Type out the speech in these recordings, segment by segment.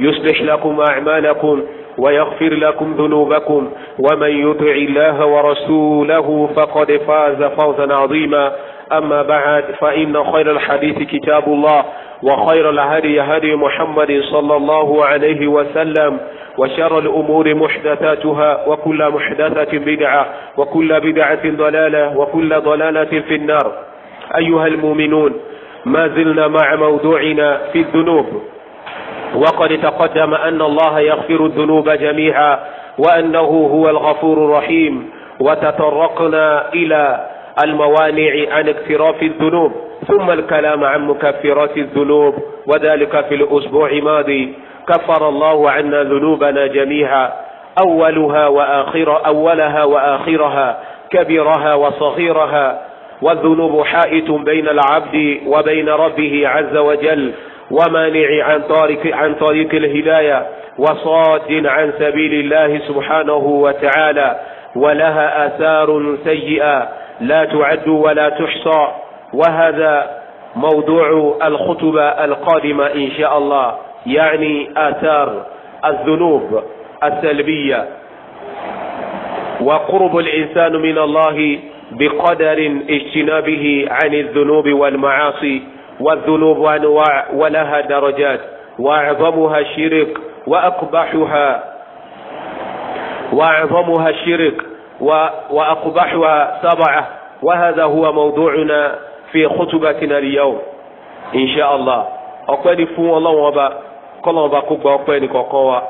يصلح لكم أعمالكم ويغفر لكم ذنوبكم ومن يطع الله ورسوله فقد فاز فوزا عظيما أما بعد فإن خير الحديث كتاب الله وخير الهدي هدي محمد صلى الله عليه وسلم وشر الأمور محدثاتها وكل محدثة بدعة وكل بدعة ضلالة وكل ضلالة في النار أيها المؤمنون ما زلنا مع موضوعنا في الذنوب وقد تقدم أن الله يغفر الذنوب جميعا وأنه هو الغفور الرحيم وتطرقنا إلى الموانع عن اقتراف الذنوب ثم الكلام عن مكفرات الذنوب وذلك في الأسبوع الماضي كفر الله عنا ذنوبنا جميعا أولها وآخر أولها وآخرها كبرها وصغيرها والذنوب حائط بين العبد وبين ربه عز وجل ومانع عن طريق عن طريق الهداية وصاد عن سبيل الله سبحانه وتعالى ولها آثار سيئة لا تعد ولا تحصى وهذا موضوع الخطبة القادمة إن شاء الله يعني آثار الذنوب السلبية وقرب الإنسان من الله بقدر اجتنابه عن الذنوب والمعاصي والذنوب أنواع ولها درجات وأعظمها الشرك وأقبحها وأعظمها الشرك وأقبحها سبعة وهذا هو موضوعنا في خطبتنا اليوم إن شاء الله ọpẹ́ فو الله وبا كل kọ́lọ́run ọba kó gba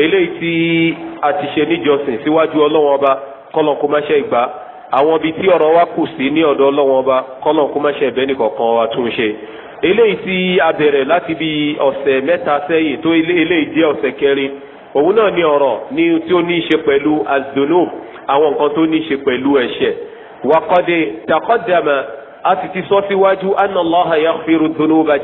اليتي اتشيني جوسي eléyìí الله وبا ti ṣe níjọsìn àwọn ibi tí ọ̀rọ̀ wa kù sí ní ọ̀dọ̀ ọlọ́wọ́n ba kọ́nà kó má ṣe ẹ̀bẹ́ nìkọ̀ọ̀kan wa tún ṣe eléyìí tí a bẹ̀rẹ̀ láti bí ọ̀sẹ̀ mẹ́ta sẹ́yìn tó eléyìí jẹ́ ọ̀sẹ̀ kẹrin òun náà ní ọ̀rọ̀ ní tí ó ní í ṣe pẹ̀lú azunub àwọn nǹkan tó ní í ṣe pẹ̀lú ẹ̀ṣẹ̀ wakọ́dé takọ́dàmà a sì ti sọ síwájú anna Allaha yaghfiru dhunuba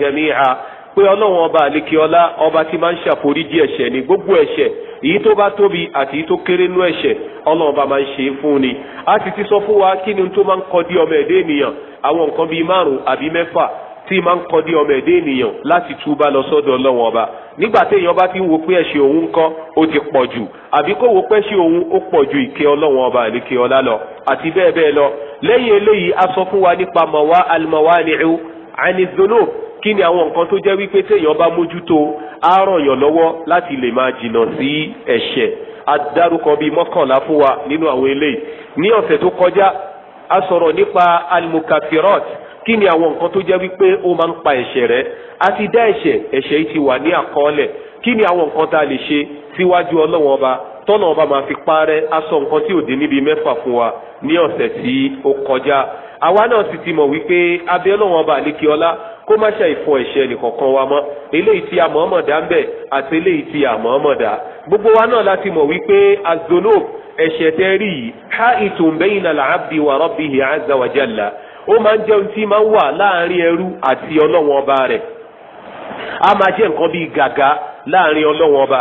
pé ọlọ́run ọba àlekè ọlá ọba tí máa ń ṣàforíjì ẹ̀ṣẹ̀ ní gbogbo ẹ̀ṣẹ̀ èyí tó bá tóbi àti èyí tó kéré nú ẹ̀ṣẹ̀ ọlọ́run ọba máa ń ṣe é fún ni a sì ti sọ fún wa kí ni tó máa ń kọ dí ọmọ ẹ̀dá ènìyàn àwọn nǹkan bíi márùn-ún àbí mẹ́fà tí máa ń kọ dí ọmọ ẹ̀dá ènìyàn láti túbá lọ sọ́dọ̀ ọlọ́run ọba nígbà tí bá ti ń wo pé ẹ̀ṣẹ̀ òun kọ́ ó ti pọ̀ jù àbí kó wo pé ẹ̀ṣẹ̀ òun ó pọ̀ ju ìkẹ́ ọlọ́run ọba àlékè ọlá lọ àti bẹ́ẹ̀ bẹ́ẹ̀ lọ lẹ́yìn eléyìí a sọ fún wa nípa mọ̀wá alimọ̀wá ni ẹ̀ ẹ̀ ní zonob kí ni àwọn nǹkan tó jẹ́ wípé téèyàn bá mójútó á ràn lọ́wọ́ láti lè máa jìnnà sí ẹ̀ṣẹ̀ adárúkọ bíi mọ́kànlá fún wa nínú àwọn eléyìí ní ọ̀sẹ̀ tó kọjá a sọ̀rọ̀ nípa almukafirat kí ni àwọn nǹkan tó jẹ́ wípé ó máa ń pa ẹ̀ṣẹ̀ rẹ a ti dá ẹ̀ṣẹ̀ ẹ̀ṣẹ̀ yìí ti wà ní àkọọ́lẹ̀ kí ni àwọn nǹkan tá a lè ṣe síwájú ọlọ́wọ́n ọba tọ́nà ọba máa fi parẹ́ aṣọ nǹkan tí ò dín níbi mẹ́fà fún wa ní ọ̀sẹ̀ tí ó kọjá àwa náà sì ti mọ̀ wípé abẹ́ ọlọ́wọ́n ọba àlékè ọlá kó má ṣe ìfọ ẹ̀ṣẹ̀ nìkankan wa mọ́ eléyìí tí a ń bẹ̀ àti eléyìí tí a gbogbo wa náà láti mọ̀ wípé azonob ẹ̀ṣẹ̀ tẹ́ rí yìí ha ìtùn bẹ́yìn náà làábdi wà rọ́bìhì azza wa jalla ó máa ń jẹun tí máa ń wà láàrin ẹrú àti ọlọ́wọ́n ọba rẹ̀ a máa jẹ́ nǹkan bíi gàgá láàrin ọlọ́wọ́n ọba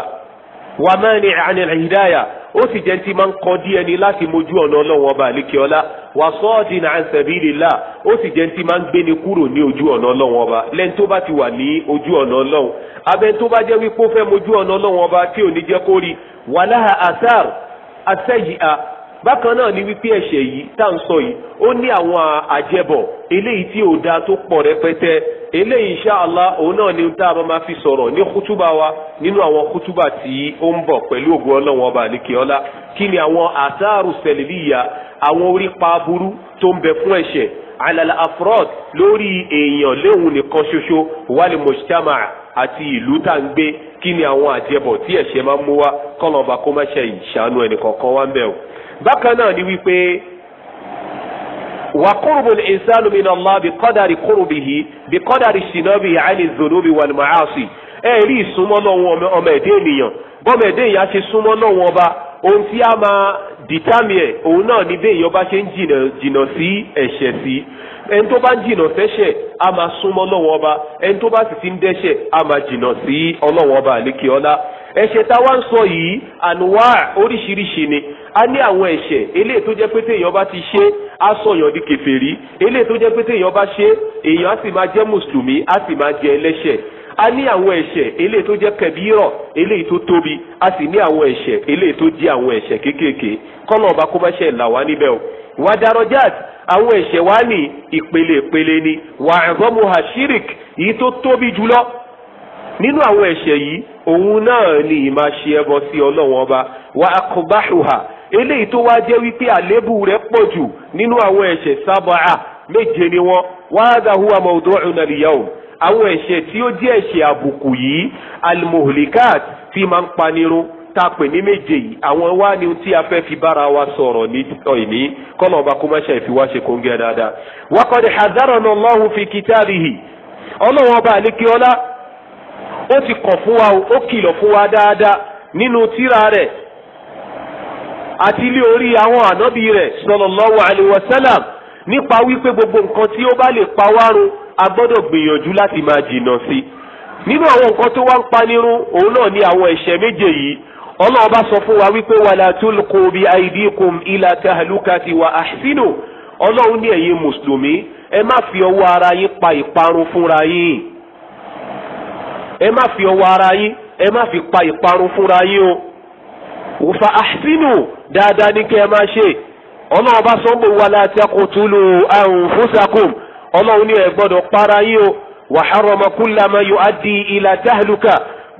wà mẹ́rin àánil hidaya ó sì jẹ́ ti máa ń kọ́ díẹ̀ ni láti mojú ọ̀nà ọlọ́run ọba àlékè ọlá wà sọ́ọ̀dì náà sabilillah ó sì jẹ́ ti máa ń gbéni kúrò ní ojú ọ̀nà ọlọ́run ọba lẹ́ni tó bá ti wà ní ojú ọ̀nà ọlọ́run abẹ́ tó bá jẹ́ wípé ó fẹ́ mojú ọ̀nà ọlọ́run ọba tí ò ní jẹ́ kó rí wàláhà asar asẹ́yìí bákan náà ni wípé ẹ̀ṣẹ̀ yìí tá à ń sọ yìí ó ní àwọn àjẹbọ̀ eléyìí tí ò da tó pọ̀ rẹpẹtẹ eléyìí insha Allah òun náà ni tá a máa fi sọ̀rọ̀ ní kútúbà wa nínú àwọn kútúbà tí ó ń bọ̀ pẹ̀lú ògùn ọlọ́run ọba àlekèọ́lá kí ni àwọn àtàrù sẹ̀lẹ̀lìyà àwọn orípa burú tó ń bẹ fún ẹ̀ṣẹ̀ alala afrod lórí èèyàn léhun nìkan ṣoṣo wàlẹ̀ mọ̀ṣítàmà àti ìlú tá à ń gbé kí ni àwọn àjẹbọ̀ tí ẹ̀ṣẹ̀ máa ń mú wa kọ́lọ́ọ̀bà kó má ṣe ìṣàánú ẹnì kọ̀ọ̀kan wá ń bẹ̀ o. bákan náà ni wípé wa qurbu al-insanu min Allah bi qadari qurbihi bi qadari shinabihi ani dhunubi wal ma'asi ẹ rí ìsúnmọ́ ọmọ ẹ̀dẹ́ ènìyàn bọ́mọ ẹ̀dẹ́ èèyàn ṣe súnmọ́ ọba ohun tí a máa dìtámì ẹ̀ òun náà ni bẹ́ẹ̀ yọba ṣe ń jìnà jìnà sí ẹ̀ṣẹ̀ sí tó bá ń jìnà a máa súnmọ́ ọba ẹni tó bá sì ti ọba àlékè ẹ̀ṣẹ̀ tá a wá ń sọ yìí ànúwà oríṣiríṣi ni a ní àwọn ẹ̀ṣẹ̀ eléyìí tó jẹ́ pé téèyàn bá ti ṣe á sọ̀yàn di kèfèrí eléyìí tó jẹ́ pé téèyàn bá ṣe èèyàn á sì máa jẹ́ mùsùlùmí á sì máa jẹ ẹlẹ́ṣẹ̀ a ní àwọn ẹ̀ṣẹ̀ eléyìí tó jẹ́ kẹbíírọ̀ eléyìí tó tóbi a sì ní àwọn ẹ̀ṣẹ̀ eléyìí tó jẹ́ àwọn ẹ̀ṣẹ̀ kéékèèké kọ́nà ọba kó là wá níbẹ̀ o wà darajat àwọn ẹ̀ṣẹ̀ wa ní ìpele ìpele ni wà ẹ̀gọ́mu hashirik yìí tó tóbi jùlọ nínú àwọn ẹ̀ṣẹ̀ yìí òun náà ni ìmá ṣe ẹbọ sí ọlọ́wọ́n ọba wa akọbáhùhà eléyìí tó wá jẹ́ wípé àlébù rẹ̀ pọ̀ jù nínú àwọn ẹ̀ṣẹ̀ sábàá méje ni wọ́n wàhádàhùwà mawdu'una al-yawm àwọn ẹ̀ṣẹ̀ tí ó jẹ́ ẹ̀ṣẹ̀ àbùkù yìí almuhlikat tí máa ń panirun tá a pè ní méje yìí àwọn wá ni tí a fẹ́ fi bára wa sọ̀rọ̀ ní ọ̀ìní kọ́nà ọba kó má ṣe dáadáa. wa hadarana Allahu fi kitabihi ọlọ́wọ́n ọba àlékè ó ti kọ̀ fún wa ó kìlọ̀ fún wa dáadáa nínú tírà rẹ̀ àti ilé orí àwọn ànábì rẹ̀ sallallahu alaihi wasallam nípa wípé gbogbo nǹkan tí ó bá lè pa wá run a gbọ́dọ̀ gbìyànjú láti máa jìnnà sí i nínú àwọn nǹkan tó wá ń panirun òun náà ni àwọn ẹ̀ṣẹ̀ méje yìí ọlọ́run bá sọ fún wa wípé wala tulqu bi aydikum ila tahlukati wa ahsinu ọlọ́run ní ẹ̀yin mùsùlùmí ẹ má fi ọwọ́ ara yín pa ìparun fúnra yín ẹ má fi ọwọ́ ara yín ẹ má fi pa ìparun fúnra yín o fa ahsinu dáadáa ní kẹ́ ẹ máa ṣe ọlọ́run bá sọ pé wala taqtulu anfusakum ọlọ́run ní ẹ gbọ́dọ̀ para yín o wa harrama kulla ma yuaddi ila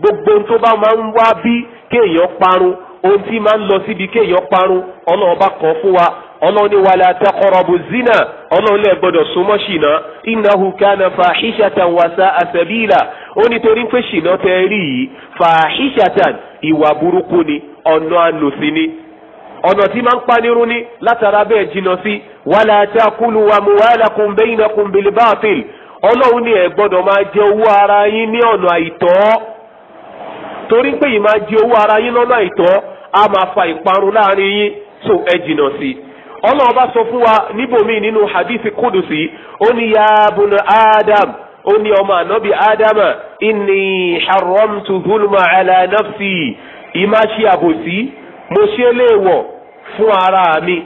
gbogbo tó bá máa ń wá bí kéèyàn parun ohun tí máa ń lọ síbi kéèyàn parun ọlọ́run bá kọ́ wa ọlọ́run ní zina ọlọ́run lẹ́ẹ̀ súnmọ́ innahu kana fàáhíṣàtàn wàsá àṣẹbíìlà ó nítorí pé ṣìnà tẹ rí yìí fàáhíṣàtàn ìwà burúkú ni ọ̀nà àlòsí ni ọ̀nà tí máa ń panirun ní látara bẹ́ẹ̀ jìnnà sí wàlá takulu wa muwalakum bainakum bil baatil ọlọ́run ni ẹ̀ gbọ́dọ̀ máa jẹ owó ara yín ní ọ̀nà àìtọ́ torí pé ì máa jẹ owó ara yín lọ́nà àìtọ́ a máa fa ìparun láàrin yín tó ẹ jìnnà sí i ọlọ́run bá sọ fún wa níbòmí nínú hadithi kudusi ó ní ya bunu adam ó ní ọmọ ànábì ádámà inni haramtu zulma ala nafsi ìmá ṣe àbòsí mo ṣe léèwọ̀ fún ara mi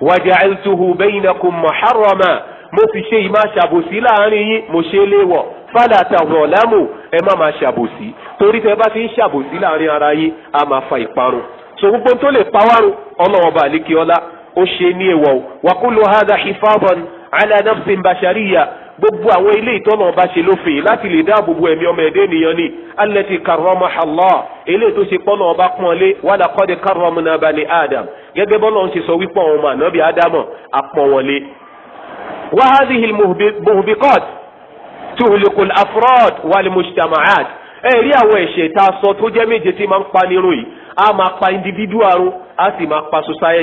waja'altuhu bainakum muharrama mo sì ṣe ìmá ṣàbòsí láàrin yín mo ṣe léèwọ̀ fala tazalamu ẹ má máa ṣàbòsí torí tẹ bá fi ń ṣàbòsí láàrin ara yín a máa fa ìparun so gbogbo tó lè pa wárun ọlọ́wọ́ àlékè ọlá ó ṣe ní èèwọ̀ wa kullu hadha hifadan ala nafsin bashariya gbogbo àwọn ilé ìtọ́nà ọba ṣe lófin láti lè dáàbò bo ẹ̀mí ọmọ ẹ̀dẹ́ ènìyàn ni allati karramaha Allah eléyìí tó ṣe pọ́nà ọba pọ́nlé wa laqad karramna bani adam gẹ́gẹ́ bọ́lá ń ṣe sọ wípé àwọn ọmọ ànábì ádámọ̀ àpọ̀wọ̀lé. wa hadhihi muhbiqat tuhliku al-afrad wal mujtama'at ẹ rí àwọn ẹ̀ṣẹ̀ tá a sọ tó jẹ́ méje tí máa ń pa nírun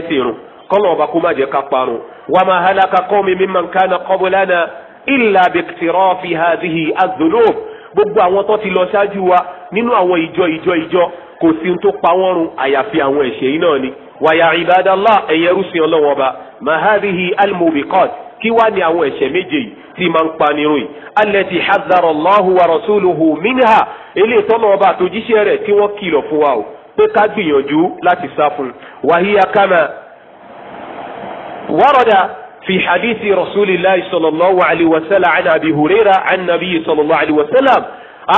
yìí kọ́lọ̀ ọba kó má jẹ́ ká parun wa ma halaka qawmi mimman kana qablana illa biktirafi hadhihi az-dhunub gbogbo àwọn tó ti lọ ṣáájú wa nínú àwọn ìjọ ìjọ ìjọ kò sí tó pa wọ́n run àyàfi àwọn ẹ̀ṣẹ̀ yìí náà ni wa ya ibadallah rúṣin ọlọ́wọ́n ọba ma hadhihi al-mubiqat kí wá ní àwọn ẹ̀ṣẹ̀ méje yìí tí máa ń panirun yìí allati hazzara Allahu wa rasuluhu minha eléyìí tọ́lọ́ ọba àtòjíṣẹ́ rẹ̀ tí wọ́n kìlọ̀ fún wa o pé ká gbìyànjú láti sá fún wàhíyá kama ورد في حديث رسول الله صلى الله عليه وسلم عن أبي هريرة عن النبي صلى الله عليه وسلم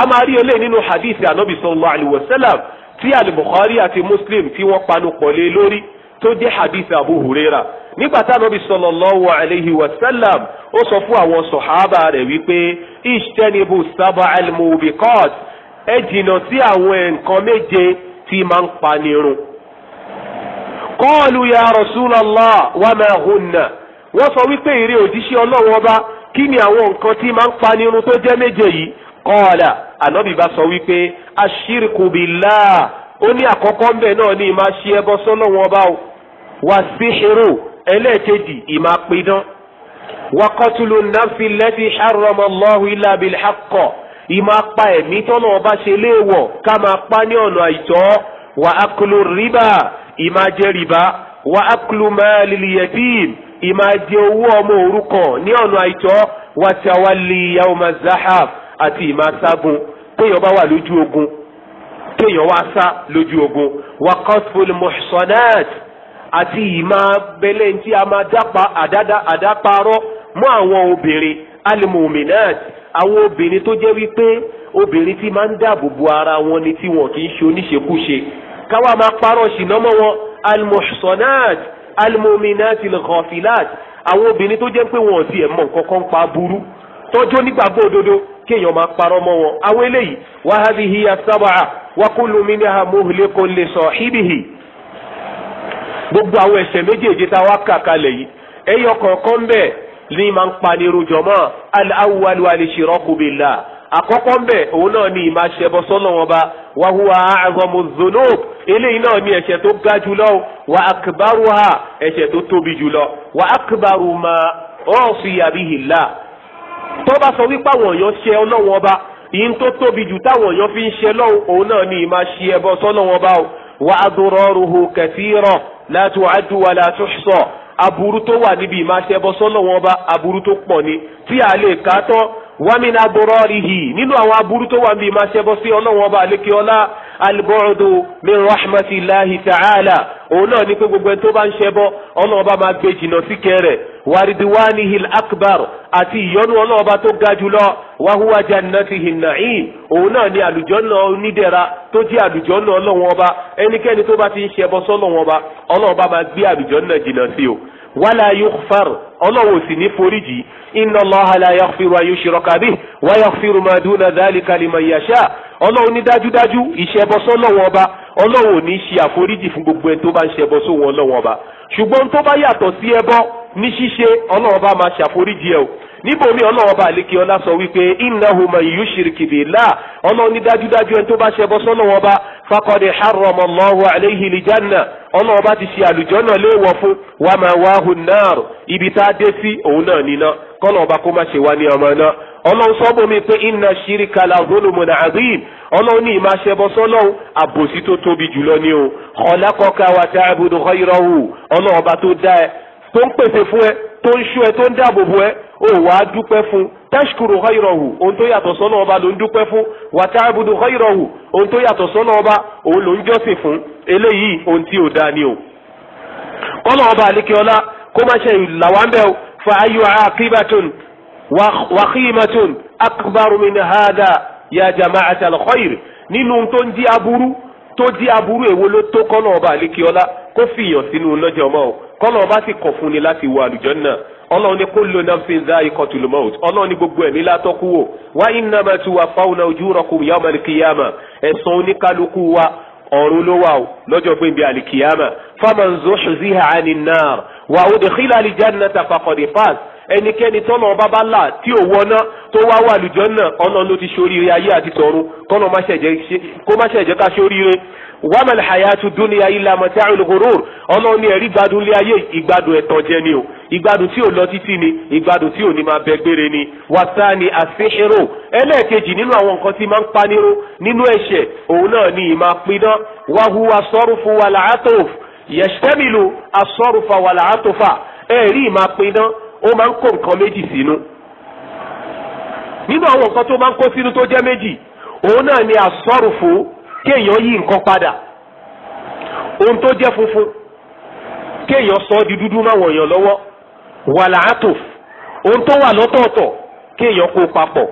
أما ري لي نينو حديث النبي صلى الله عليه وسلم tí alibukari àti muslim tí wọ́n panu kọ̀lé lórí tó jẹ́ hadith abu huraira nígbà tá anabi sallallahu alayhi wa sallam ó sọ fún àwọn sọ̀hábà rẹ̀ wípé ishtanibu sábà almubiqat ẹ jìnnà sí àwọn nǹkan méje tí máa ń panirun kọ́ọ̀lù ya rasulallah wa ma hunna wọ́n sọ wípé ìrè òjíṣẹ́ ọlọ́wọ́ ọba kí ni àwọn nǹkan tí máa ń pa nínú tó jẹ́ méje yìí kọ́ọ̀là ànábì bá sọ wípé ashirku billah ó ní àkọ́kọ́ ńbẹ náà ní ìmá ṣe ẹbọ sọ́lọ́wọ́ ọba o wà síhìrù ẹlẹ́ẹ̀kejì ìmá pidán wà qatlu nafsi lati harrama Allahu illa bil ìmá pa ẹ̀mí tọ́lọ́wọ́ bá ṣe léèwọ̀ ká máa pa ní ọ̀nà àìtọ́ wà akulu riba ìmá jẹ rìbá wà ákùlùmọ́ lìlìyẹ̀tìm ìmá jẹ owó ọmọ òrukàn ní ọ̀nà àìtọ́ wà tí a wá lè ya ọmọ zahab àti ìmá ságun téèyàn bá wà lójú ogun téèyàn wá sá lójú ogun wà kọ́sfòlì mọ̀ṣọ́nẹ́t àti ìmá bẹ́lẹ̀ tí a máa àdáparọ́ mọ́ àwọn obìnrin alimọ̀mìnẹ́t àwọn obìnrin tó jẹ́ wípé obìnrin tí máa ń dáàbò bo ara wọn ni tí wọn kì í ṣe oníṣekúṣe káwa máa parọ́ ṣìnà mọ́ wọn almuhsanat almuminat alghafilat àwọn obìnrin tó jẹ́ pé wọn ò tiẹ̀ mọ̀ nǹkan kan pa burú tọ́jú nígbàgbọ́ òdodo kéèyàn máa parọ́ mọ́ wọn àwọn eléyìí wa hadhihi as-sab'a wa kullu minha muhlikun li sahibihi gbogbo àwọn ẹ̀ṣẹ̀ méjèèjì tá a wá kà kalẹ̀ yìí ẹyọ kọ̀ọ̀kan ń bẹ ní ń pa ní irú jọmọ́ àkọ́kọ́ ń bẹ òun náà ní ìmáa wọn bá wa huwa eléyìí náà ni ẹ̀ṣẹ̀ tó ga jùlọ wà akbaru ha ẹ̀ṣẹ̀ tó tóbi jùlọ wà akbaru ma usiya bihi Allah tó bá sọ wípé àwọn èèyàn ṣe ọlọ́wọ́n ọba yìí tó tóbi jù táwọn èèyàn fi ń ṣe lọ́wọ́ òun náà ni ìmá ṣe ẹbọ sọ́lọ́wọ́n ọba o wà adraruhu kathira la tu'addu wa la tuhsa aburú tó wà níbi ìmá ṣe ẹbọ sọ́lọ́wọ́n ọba aburú tó pọ̀ ni tí a lè kàtọ́ wàmí na bọ̀rọ̀ rìhì nínú àwọn aburú tó wà ń bí ma ṣe bọ́ sí ọlọ́wọ́n ọba àlékè ọlá alibọ́ọ̀dù min rahmatulahi ta'ala òun náà ní pé gbogbo ẹni tó bá ń ṣe bọ́ ọlọ́wọ́n ọba máa gbé jìnnà sí kẹrẹ̀ wàrídìwáni hil akbar àti ìyọnu ọlọ́wọ́n ọba tó ga jùlọ wàhúwà jannati hinnaim òun náà ní àlùjọ́nà onídẹ̀ra tó jẹ́ àlùjọ́nà ọlọ́wọ́n ọba ẹnikẹ́ni tó bá ti ń ṣe bọ́ ọba ọlọ́wọ́n ọba máa gbé àlùjọ́nà jìnnà sí o wala yughfar ọlọ́wọ́ sì ní foríjì inna Allaha la yaghfiru an yushraka bihi wa yaghfiru ma duna dhalika liman yasha ọlọ́wọ́ ní dájúdájú ìṣẹ́bọsọ́ lọ́wọ́ ọba ọlọ́wọ́ ní ṣe àforíjì fún gbogbo ẹ̀ tó bá ń ṣẹbọ sóhun ọlọ́wọ́ ọba ṣùgbọ́n tó bá yàtọ̀ sí ẹbọ ní ṣíṣe ọlọ́run bá máa ṣàforíjì ẹ̀ o níbòmí ọlọ́run bá àlékè ọlá sọ wípé innahu man yushrik billah ọlọ́run ní dájúdájú ẹni tó bá ṣẹbọ sọ́lọ́run bá faqad harrama Allahu alayhi al-janna ọlọ́run bá ti ṣe àlùjànnà léèwọ̀ fún wa ma'wahu an-nar ibi tá a dé sí òun náà níná kọ́lọ́run kó má ṣe wá ní ọmọ náà ọlọ́run sọ́bù mi pé inna shirka la zulmun azim ọlọ́run ní ìmá ṣẹbọ sọ́lọ́run àbòsí tó tóbi jùlọ ni o khalaqaka wa ta'budu ghayrahu ọlọ́run bá tó dá ẹ tó ń pèsè fún ẹ tó ń ṣọ́ ẹ tó ń dáàbò bò ẹ ò wá dúpẹ́ fún tashkuru ghayrahu ohun tó yàtọ̀ sọ́nà ọba ló ń dúpẹ́ fún wa ta'budu ghayrahu ohun tó yàtọ̀ sọ́nà ọba òun ló ń jọ́sìn fún eléyìí ohun tí ò dáa ni o. kọ́nà ọba àlekèọ́lá kó má ṣe làwámbẹ́ o fa ayu aqibatun wa khimatun akbaru min hada ya jama'atal khayr nínú tó ń di aburú tó di aburú èwo ló tó kọ́nà ọba àlékè ọlá kó fi ìyàn sínú lọ́jọ́ ọmọ o kọ́nà ọba sì kọ̀ fún ni láti wọ àlùjánnà ọlọ́run ní kó lo nafsin dha'iqatul maut ọlọ́run ní gbogbo ẹ̀mí látọ́kú wò wa innama tuwaffawna ujurakum yawmal qiyamah ẹ̀san oníkálukú wa ọ̀run ló wà o lọ́jọ́ pé ibi àlìkìyàmà faman zuhziha 'anin nar wa udkhila al-jannata faqad faz ẹnikẹ́ni tọ́nà ọba bá là tí ò wọná tó wá wà lùjọ́ náà ọ̀nà ló ti ṣoríire ayé àti tọ̀run kọ́nà kó má ṣẹ̀jẹ̀ ká ṣoríire wàmàlì hayatu dúnìá ilà mọ̀tàrún lùhùrùr ọlọ́run ní ẹ̀rí gbádùn lé ayé ìgbádùn ẹ̀tàn jẹ ni o ìgbádùn tí ò lọ títí ni ìgbádùn tí ò ní máa bẹ gbére ni wàtá ni àfihìrò ẹlẹ́ẹ̀kejì nínú àwọn nǹkan tí máa ń panirun nínú ẹ̀ṣẹ̀ òun náà ni ìmọ̀ ó máa ń kó nǹkan méjì sínú nínú àwọn nǹkan tó máa ń kó sínú tó jẹ́ méjì òun náà ni àsọrùfù kéèyàn yí nǹkan padà ohun tó jẹ́ funfun kéèyàn sọ ọ́ di dúdú máwọn èèyàn lọ́wọ́ wàlàátòf ohun tó wà lọ́tọ̀ọ̀tọ̀ kéèyàn kó papọ̀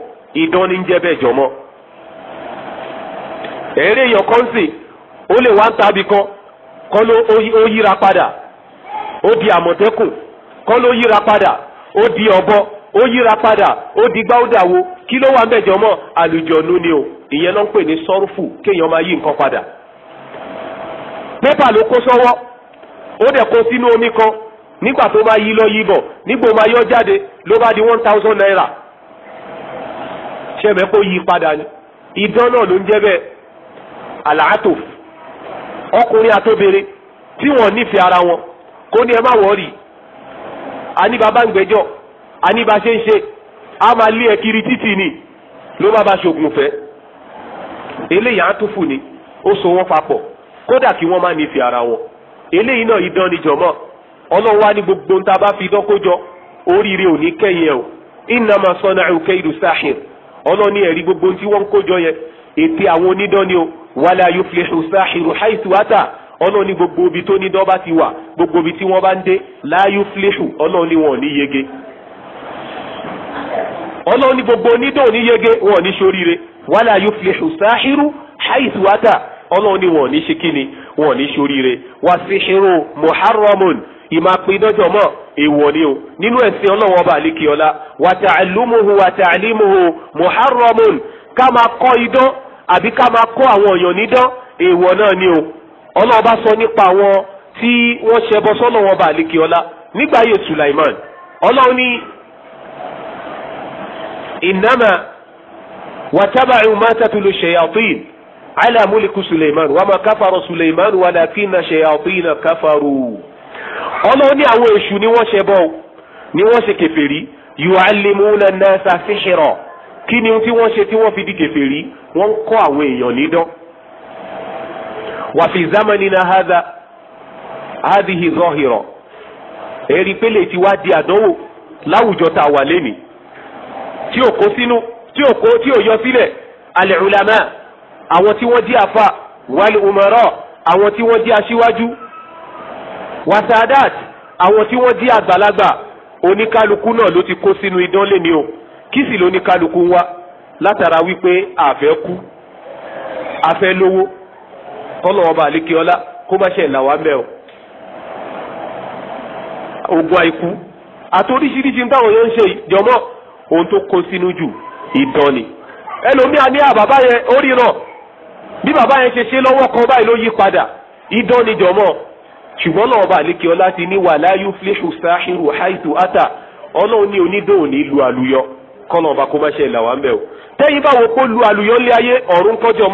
èrè èèyàn kan sì ó lè wá ń kan kọ́ ló ó yíra padà ó di àmọ̀tẹ́kùn kọ́ ló yíra padà ó di ọbọ ó yíra padà ó di gbáúdà wo kí ló wà mẹ́jọ mọ́ àlùjọ̀nù ni o ìyẹn ló ń pè ní sọ́rùfù kéèyàn máa yí nǹkan padà. pépà ló kó sọ́wọ́ ó dẹ̀ kó sínú omi kan nígbà tó bá yí lọ yí bọ̀ nígbà máa yọ jáde di one thousand naira ṣẹ́mi kó yí padà ni idán náà ló ń jẹ́ bẹ́ẹ̀ àlàátò ọkùnrin ara wọn kó ní ẹ má àníbà bá ń gbẹ́jọ́ àníbà ṣe ń ṣe a máa lé ẹ kiri títì ni ló má bá ṣoògùn fẹ́ eléyìí á tún fún ni ó so wọn papọ̀ kódà kí wọ́n má nífẹ̀ẹ́ ara wọn eléyìí náà idán ni jọ̀mọ́ ọlọ́run wá ní gbogbo ń ta bá fi idán oríire ò ní kẹ́yìn ẹ̀ o innama sana'u kaydu sahir ọlọ́run ní ẹ̀rí gbogbo tí wọ́n kójọ yẹn ètè àwọn onídán ni o wala yuflihu sahiru haythu ata ọlọ́run ní gbogbo ibi tó ní dọ́bà ti wà gbogbo ibi tí wọ́n bá ń dé láyú fléṣù ọlọ́run ní wọn ò ní yege ọlọ́run ní gbogbo onídò ní yege wọn ò ní ṣoríire wàlá yú fléṣù sáhírù haìsíwátà ọlọ́run ní wọn ò ní ṣe kíni wọn ò ní ṣoríire wà síhírù muharramun ìmọ̀ àpéjọ́jọ́ mọ́ èèwọ̀ ni o nínú ẹ̀sìn ọlọ́run ọba àlékiọlá wàtà àlùmùhù wàtà àlìmùhù muharramun ká máa kọ́ idán àbí ká máa kọ́ àwọn èèyàn nídán èèwọ̀ náà ni o ọlọ́run bá sọ nípa àwọn tí wọ́n ṣẹbọ sọ́nà wọn bá àlékè ọlá nígbà ayé Sulaiman ọlọ́run ní ìnáma wàtábàáyù máa tàbílù ṣèyàtìn aláàmúlẹ̀kù Sulaiman wàmà káfàrọ̀ Sulaiman wàlàkínà ṣèyàtìn káfàrọ̀ ọlọ́run ní àwọn èṣù ni wọ́n ṣẹbọ ni wọ́n ṣe kèfèrí yu'allimuna an-nasa sihra kí ni tí wọ́n ṣe tí wọ́n fi di kèfèrí wọ́n kọ́ àwọn èèyàn nídán wàfi zamanina hadha hadihi zọhìrọ èrí pélé tí wa di àdánwò láwùjọ tá a wà lẹ́nìí tí ò kó sínú tí ò kó tí ò yọ sílẹ̀ alẹ́ ulama àwọn tí wọ́n jẹ́ àfa wàlẹ̀ umara àwọn tí wọ́n jẹ́ aṣíwájú wasadat àwọn tí wọ́n jẹ́ àgbàlagbà oníkálukú náà ló ti kó sínú idán lẹ́ni o kí sì lóníkálukú látara wípé àfẹ́ kú àfẹ́ lówó kọ́lọ̀ ọba àlékeọ́lá kó má ṣe ìlà wa o ogun àìkú àti oríṣiríṣi táwọn yóò ń ṣe ohun tó kó sínú jù ìdán ni ẹlòmíà ní àbàbá yẹn ó bí bàbá yẹn ṣe ṣe lọ́wọ́ kan báyìí ló yí ọba ti ní sahiru ata ní onídòun lu àlùyọ kọlọ ọba kó ṣe o bá kó lu àlùyọ ayé kọjọ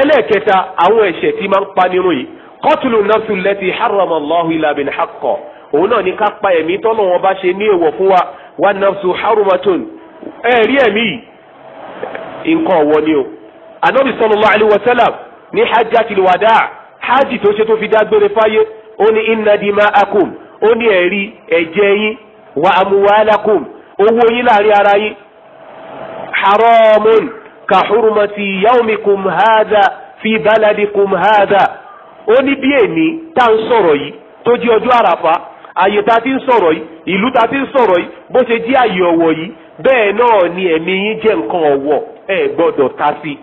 ẹlẹ́ẹ̀kẹta àwọn ẹ̀ṣẹ̀ tí máa ń panirun yìí kọ́tùlù nafsu lẹ́tì harama allahu illa bil haqq òun náà ní ká pa ẹ̀mí tọ́lọ̀ wọn bá ṣe ní èèwọ̀ fún wa wà nafsu harumatun ẹ̀rí ẹ̀mí nǹkan ọ̀wọ́ ni o anabi sallallahu alayhi wa sallam ní hajjatil wada hajj tó ṣe tó fi dágbére fáyé ó ní inna dima'akum ó ní ẹ̀rí ẹ̀jẹ̀ yín wa amwalakum owó yín láàrin ara yín haramun ka hurumati yaumikum hadha fi baladikum hadha ó ní bí èmi tá ń sọ̀rọ̀ yìí tó jẹ́ ọjọ́ àràfà àyè ti ń sọ̀rọ̀ yìí ìlú ta ti ń sọ̀rọ̀ yìí bó ṣe jẹ́ àyè ọ̀wọ̀ yìí bẹ́ẹ̀ náà ni ẹ̀mí yín jẹ́ nǹkan ọ̀wọ̀ ẹ gbọ́dọ̀ ta sí i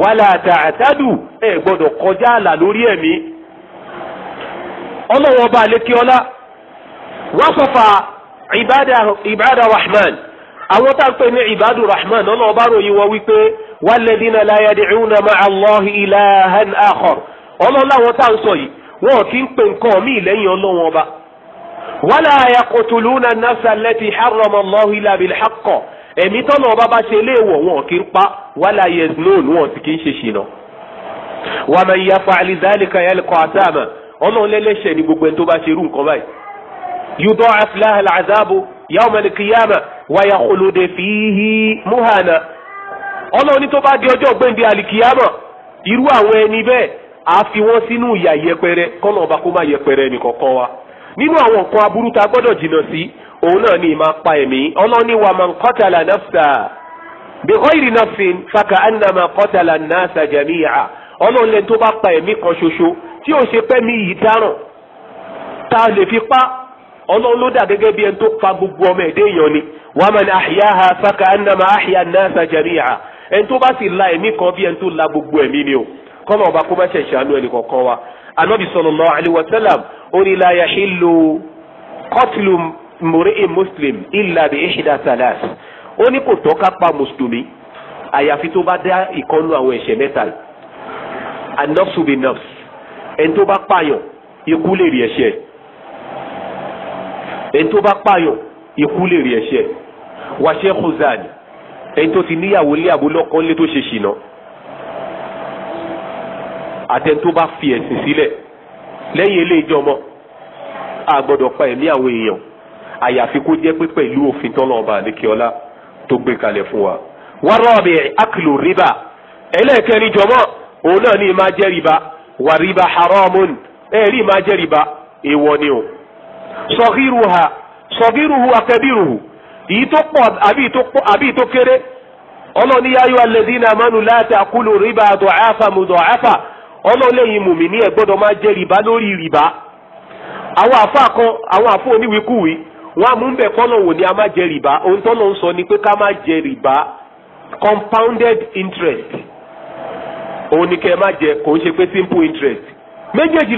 wàhálà àtàtàdù ẹ gbọ́dọ̀ kọjá àlà lórí ẹ̀mí. ọba rahman àwọn tá a pè ní ibadu rahman ọlọ́run bá ròyìn wọn wípé walladina la yad'una ma'a Allahi ilahan akhar ọlọ́run láwọn tá a ń sọ yìí wọn kì í pè nǹkan míì lẹ́yìn ọlọ́run ọba. wala yaqtuluna an-nafsa allati harrama Allahu illa bil haqq ẹ̀mí tọ́lọ́ ọba bá ṣe léèwọ̀ wọn kì í pa wala yaznun wọn sì kì í ṣe ṣìnà. wa man wàyà olóde fìhí muhana ọlọ́run tó bá di ọjọ́ alikiyama irú àwọn ẹni bẹ́ẹ̀ a fi wọ́n sínú ìyà yẹpẹrẹ kọ́nà ọba kó má yẹpẹrẹ ẹnìkọ̀ọ̀kan wa nínú àwọn nǹkan aburú ta gbọ́dọ̀ jìnnà sí òun pa ẹ̀mí ọlọ́run wa man qatala faka jami'a ọlọ́run lẹ́ni tó pa ẹ̀mí kan ṣoṣo tí ò ṣe yìí ta lè fi pa ọlọ́run ló dà gẹ́gẹ́ bí gbogbo ọmọ ẹ̀dẹ́ èèyàn waman ahyaha faka anama ahya nasa jamiya ẹni tó bá sì la ẹ̀mí kan bí ẹni tó la gbogbo ẹ̀mí ni o kọ́mọ ọba kó má ṣe ṣàánú ẹnì kọ̀ọ̀kan wa anabi sallallahu alaihi wa sallam ó ní la yahillu qatlu mùrẹ́ẹ̀ muslim illa bi ó ní kò tọ́ ká pa mùsùlùmí àyàfi tó bá dá ìkọlù àwọn ẹ̀ṣẹ̀ mẹ́ta yìí anọ́fsù bá pààyàn ikú lè rí ẹ̀ṣẹ̀ ẹni wa sheikhu zani ẹni tó ti níyàwó lé àbólọ́kọ́ lé tó ṣe ṣìnà àtẹni tó bá fi ẹ̀sìn sílẹ̀ lẹ́yìn ilé ìjọmọ́ a gbọ́dọ̀ pa ẹ̀mí àwọn èèyàn àyàfi kó jẹ́ pé pẹ̀lú òfin tọ́lọ́ ọba àdékíọ́lá tó gbé kalẹ̀ fún wa. wárọ̀bì akìlò rìbá ẹlẹ́ẹ̀kẹrin jọmọ́ òun náà ní ìmá jẹ́ rìbá wà rìbá haramun ẹ̀rí ìmá jẹ́ rìbá èèwọ̀ ni o. sọ̀gírù ha sọ̀gírù hu akẹ́bírù hu èyí tó pọ̀ àbí èyí tó kéré ọlọ́ni yáyọ alẹ́dínà amánu láti àkúlù rìbá dọ̀áfà mu dọ̀áfà ọlọ́lẹ́yìn mùmí ní ẹ̀ máa jẹ rìbá lórí rìbá àwọn àfa kan àwọn afọ oníwèékúwèé wọn àmúbẹ ni a máa jẹ rìbá ohun tó ń sọ ni pé ká máa jẹ compounded interest òun ni kẹ́ ẹ interest méjèèjì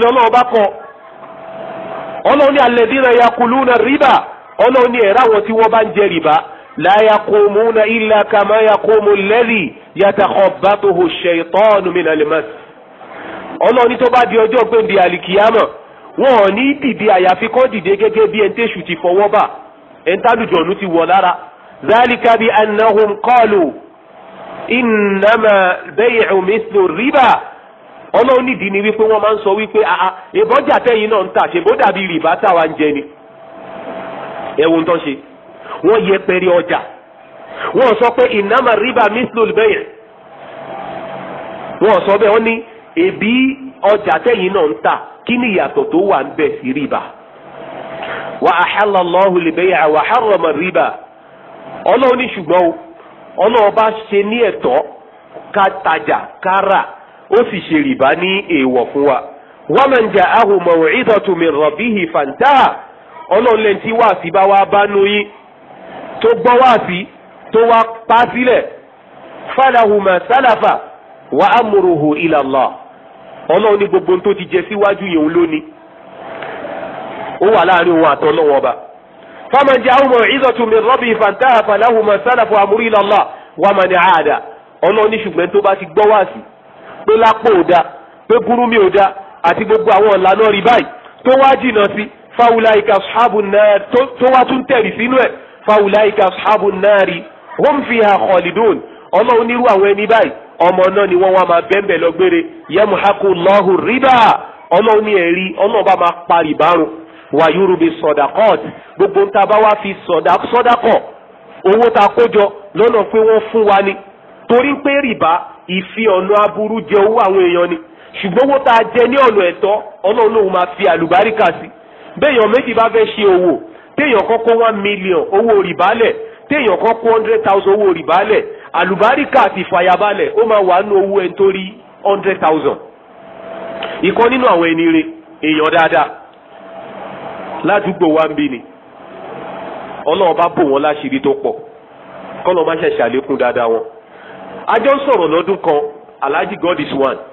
ọlọ́run ní ẹ̀rá wọn tí wọ́n bá ń jẹ rìbá láyà kó mú na ilà kàmá yà kó mú lẹ́rì yàtà kọ́ bá tó hù ṣe ìtọ́ọ̀nù mi nàlẹ́ mọ́sí. ọlọ́run ní tó bá di ọjọ́ gbèǹde àlìkìyàmọ̀ wọn ò ní dìde àyàfi kọ́ dìde gẹ́gẹ́ bí ẹni tẹ́sù ti fọwọ́ bà ẹni tálùjọ̀nù ti wọ̀ lára. zálìkà bí anahum kọ́ọ̀lù ìnàmà bẹ́yẹ̀ mísìlò rìbá ọlọ́run nídìí ni wípé wọ́n máa ń sọ wípé àà ìbọ́jà tẹ́yìn náà ń tà ṣèbó dàbí rìbá táwa ń jẹ ni. ẹ̀wọ̀n tó ń ṣe wọ́n yẹ pẹ̀rẹ̀ ọjà wọ́n sọ pé ìnáma rìbá mislul bẹ́ẹ̀ wọ́n sọ bẹ́ẹ̀ wọ́n ní èbí ọjà tẹ̀yìn náà ń tà kí ni ìyàtọ̀ tó wà ń bẹ̀ sí rìbá wa ahalla Allahu al-bay'a wa harrama rìbá ọlọ́run ní ṣùgbọ́n o ọlọ́run bá ṣe ní ẹ̀tọ́ ká tajà ká rà ó sì ṣe rìbá ní èèwọ̀ fún wa wa man fantaha ọlọ́run lẹ́yìn tí wáàsí bá wá bá nu yín tó gbọ́ wáàsí tó wá pa sílẹ̀ fàlàhùmà sálàfà wà á Allah ọlọ́run ní gbogbo tó ti jẹ síwájú yẹn lónìí ó wà láàrin òun àtọ́lọ́wọ́ ọba fáwọn jẹ́ ìzọ̀tún mi rọ́bì fàǹtà fàlàhùmà sálàfà wà múru Allah wà mà ní àádá ọlọ́run ti gbọ́ wáàsí pé lápò ò da pé burú mi ò gbogbo àwọn rí báyìí tó wá fáwùláìka ṣáàbù náírì tó wá tún tẹ̀rí sínú ẹ̀ fáwùláìka ṣáàbù náírì fi fiha khalidun ọlọ́run nírú àwọn ẹni báyìí ọmọ náà ni wọ́n wá máa bẹ́ńbẹ̀ lọ́gbére yamhaqu Allahu riba ọlọ́run ní ẹ̀rí ọlọ́run bá máa gbogbo nta bá wá fi owó ta kójọ lọ́nà wa ni torí pé rìbá ìfi ọ̀nà aburú jẹ owó àwọn èèyàn ta jẹ ní ọ̀nà ẹ̀tọ́ ọlọ́run lòun fi àlùbáríkà sí béèyàn méjì bá fẹ́ ṣe owó téèyàn kan kó one million owó rìbálẹ̀ téèyàn kan kó hundred thousand owó rìbálẹ̀ àlùbáríkà àti ìfàyàbalẹ̀ ó máa wà nínú owó ẹni tó rí hundred thousand. Ìkọ́ nínú àwọn ẹni rẹ̀ èèyàn dáadáa ládùúgbò wa ń bí ni ọlọ́run bá bò wọ́n láṣìírí tó pọ̀ kọ́lọ́ máa ṣẹ̀ṣẹ̀ àlékún dáadáa wọn. a ń sọ̀rọ̀ lọ́dún kan alhaji god is one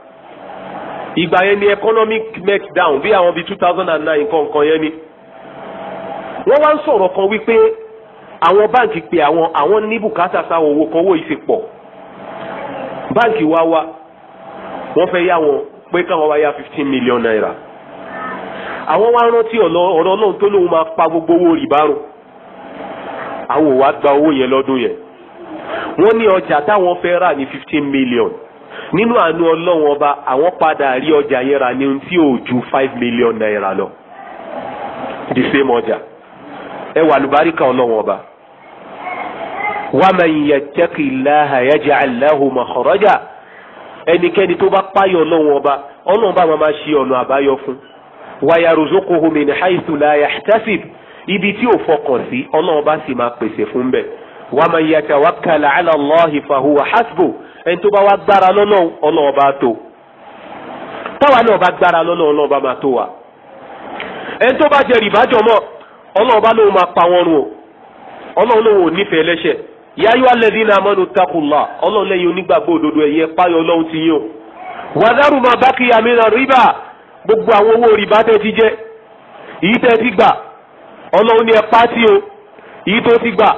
ìgbà yẹn ni economic meltdown bí àwọn bíi two thousand and nine kọ̀ọ̀kan yẹn ni wọ́n wá ń sọ̀rọ̀ kan wípé àwọn báǹkì pé àwọn àwọn ní bùkátà sáwọn owó kan owó yìí ṣe pọ̀ báǹkì wa wa wọ́n fẹ́ yá wọn pé káwọn wá yá fifteen million naira àwọn wá rántí ọ̀rọ̀ ọlọ́run tó lóun máa pa gbogbo owó rìbá rùn àwọn ò wá gba owó yẹn lọ́dún yẹn wọ́n ní ọjà táwọn fẹ́ rà ní fifteen million nínú àánú ọlọ́wọ́n ọba àwọn padà rí ọjà yẹn rà ní ohun tí ò ju five million naira lọ the same ọjà ẹ wà lùbáríkà ọlọ́wọ́n ọba. waman yattaqillaha yaj'al lahu makhraja ẹnikẹ́ni tó bá páyọ̀ ọlọ́wọ́n ọba ọlọ́wọ́n ọba máa ṣe ọ̀nà àbáyọ fún wa yarzuquhu min haythu la yahtasib ibi tí ò fọkàn sí ọlọ́wọ́n ọba sì máa pèsè fún bẹ́ẹ̀ waman yatawakkala ala Allahi ẹni tó bá wá gbára lọ́nà ọlọ́run bá tó táwa náà bá gbára ọlọ́run bá máa tó wa ẹni tó bá jẹ rìbájọ mọ́ ọlọ́run bá lóun máa pa wọn run o ọlọ́run lóun ò nífẹ̀ẹ́ lẹ́sẹ̀ yáyọ alladhina amanu taqullah ọlọ́run lẹ́yìn onígbàgbọ́ òdodo ẹ̀yẹ páyọ o máa bá kíyà gbogbo àwọn owó rìbá ti ti gbà ọlọ́run o èyí ti gbà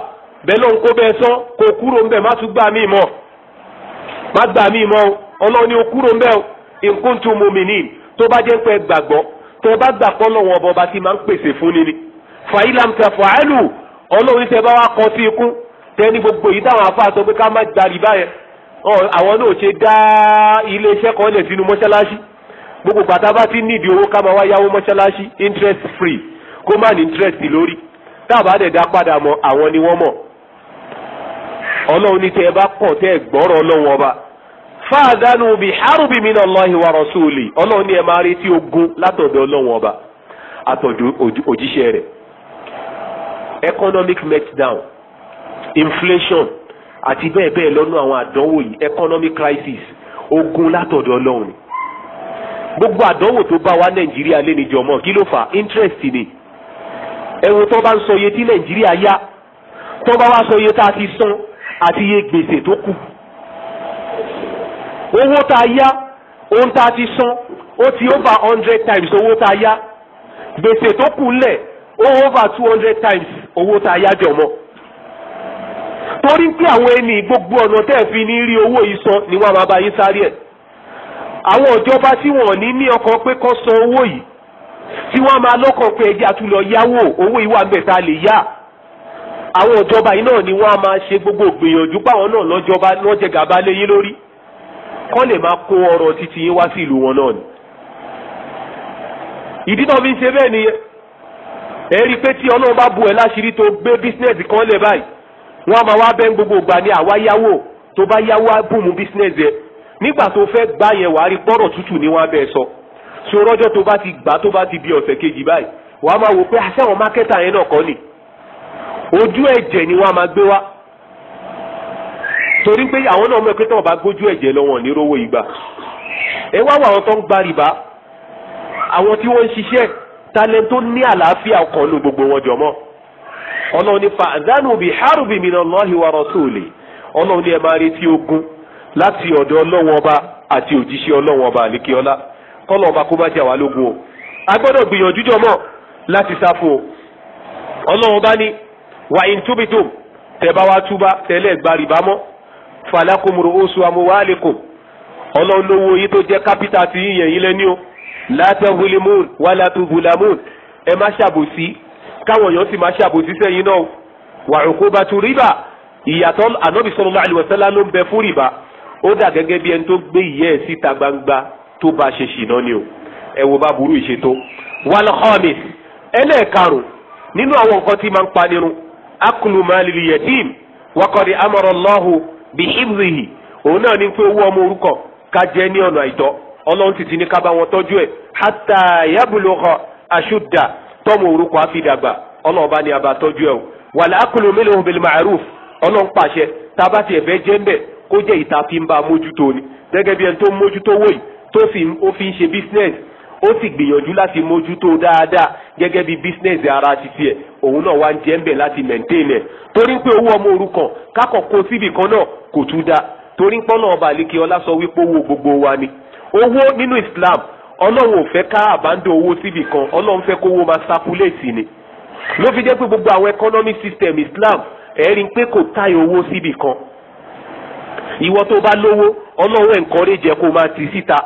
bẹ́ẹ̀ sọ kúrò má má gbà mí mọ́ ọlọ́run ní o kúrò mbẹ́ o in kuntum mu'minin tó bá jẹ́ pé gbàgbọ́ tẹ bá gbà pọ́ lọ́wọ́ ọba ọba tí máa ń pèsè fún ni ni fàyílàm tẹ fọ àìlù ọlọ́run tẹ bá wá kọ sí ikú tẹ ní gbogbo èyí táwọn afá sọ pé ká má gba rìbá yẹn àwọn náà ṣe dá iléeṣẹ́ kan lẹ̀ sínú mọ́ṣáláṣí gbogbo bàtà bá ti nídìí owó ká máa wá yáwó mọ́ṣáláṣí interest free kó má ní interest lórí táàbà dẹ̀ dá padà mọ́ àwọn ni wọ́n mọ̀ ọlọ́run ní tẹ́ ẹ bá kọ̀ tẹ́ ẹ gbọ́rọ̀ ọlọ́run ọba fáadánù bí hárùbí min Allahi wa rasuli ọlọ́run ní ẹ máa retí ogun látọ̀dọ̀ ọlọ́run ọba àtọ̀dọ̀ òjíṣẹ́ rẹ̀ economic meltdown inflation àti bẹ́ẹ̀ bẹ́ẹ̀ lọ́nà àwọn àdánwò yìí economic crisis ogun látọ̀dọ̀ ọlọ́run ni gbogbo àdánwò tó bá wa nàìjíríà lé níjọ kí ló fà interest ni ẹ̀wọ̀n tó bá ń sọ iye tí nàìjíríà yá tó bá wá sọ iye tá a ti san àti iye gbèsè tó kù owó tá a yá ohun tá a ti san ó ti over hundred times owó tá a yá gbèsè tó kù ńlẹ̀ ó over two hundred times owó tá a yá jọ̀mọ́ torí pé àwọn ẹni gbogbo ọ̀nà tẹ́ ẹ̀ fi ní rí owó yìí san ni wọ́n á máa bá yín sáré ẹ̀ àwọn ìjọba tí wọ́n ní ní ọkàn pé kó san owó yìí tí wọ́n máa lọ́kàn pé ẹjẹ́ àtúlọ̀ yáwó owó yìí wà lè yá àwọn ìjọba yìí náà ni wọ́n á máa ṣe gbogbo gbìyànjú páwọn náà lọ́jọba lọ́jẹ gàba lé lórí kọ́ lè máa kó ọrọ̀ títí yín wá sí ìlú wọn náà ni. ìdí náà fi ń ṣe bẹ́ẹ̀ ni ẹ rí i pé tí ọlọ́run bá bu ẹ̀ láṣìírí tó gbé bísínẹ́sì kan lẹ̀ báyìí wọ́n á máa wá bẹ́ gbogbo ìgbà ní àwa yáwó tó bá yáwó á bùnmù bísínẹ́sì ẹ̀ nígbà tó fẹ́ gbá yẹn wàá rí pọ́rọ̀ tútù ni wọ́n á bẹ́ẹ̀ sọ so rọ́jọ́ tó bá ti gbà tó bá ti di ọ̀sẹ̀ kejì báyìí wàá máa wò pé àṣẹ ah, àwọn mákẹ́tà yẹn náà kọ́ nìí ojú ẹ̀jẹ̀ ni wọ́n á máa gbé wá torí pé àwọn náà mọ̀ pé tí wọ́n bá gbójú ẹ̀jẹ̀ lọ wọn ní rówó ìgbà ẹ wá wọ àwọn tó ń gba rìbá àwọn tí wọ́n ń ṣiṣẹ́ talẹ̀ tó ní àlàáfíà ọkàn nu gbogbo wọn jọmọ. ọlọ́run ní fàdánù bíi hárùbí mi náà lọ́hìn wa rọ́sùlì ní ẹ máa retí ogun láti ọdọ ọlọ́wọ́n ọba àti òjíṣẹ́ ọlọ́wọ́n ọba àlékíọ́lá kọ́lọ́ ọba kó bá jà wá lógun o Agbọdọ gbọ́dọ̀ gbìyànjú jọmọ́ láti sáfò ọlọ́run bá ní wà ìtúbìtùm tẹ̀bá wa túbá tẹ̀lé gbàrìbá falakumuru oṣù amuwaalekum ọlọ́run lówó yìí tó jẹ́ kápítà ti yíyan yín lẹ́ni o látẹ̀hulimun wàlátùbùlamun ẹ má ṣàbòsí káwọn èèyàn sì má ṣàbòsí sẹ́yìn náà wà òkúbatu rìbá ìyàtọ̀ ànábì sallallahu alaihi wasallam ló ń bẹ fún rìbá ó dà gẹ́gẹ́ bí ẹni tó gbé ìyẹ́ ẹ̀ síta gbangba tó bá ṣe ṣìnà ni o ẹ wo bá burú ìṣètò wàlúkọ́ọ̀mì ẹlẹ́ẹ̀karùn-ún nínú àwọn nǹkan tí máa ń panirun akulu malili wakọrị wakọ̀dí amọ̀rọ̀lọ́hù bí ibzihi òun náà ní pé owó ọmọ orúkọ ká jẹ ní ọ̀nà àìtọ́ ọlọ́run ti ní ká wọn tọ́jú ẹ̀ hátà tọ́mọ orúkọ tọ́jú ẹ̀ o wàlẹ́ ọlọ́run pàṣẹ a jẹ́ ń bẹ̀ kó mójútó ni gẹ́gẹ́ bí ẹni tó mójútó tó ó sì gbìyànjú láti mójútó dáadáa gẹ́gẹ́ bí bísínẹ́sì ara títí ẹ̀ òun náà wá ń jẹ́ ń bẹ̀ láti mẹ̀ntẹ́ẹ̀nì ẹ̀ torí pé owó ọmọ òrukàn kákọ̀ kó síbì kan náà kò tún da torí pọ́nà ọba àlékè ọlá sọ wípé owó gbogbo wa ni owó nínú Islam ọlọ́run ò fẹ́ ká àbándò owó síbì kan ọlọ́run fẹ́ kówó máa sakuléètì ni ló fi jẹ́ pé gbogbo àwọn economic system Islam ẹ̀rín pé kò táyà owó síbì kan ìwọ tó bá lówó ọlọ́run encourage kó máa ti síta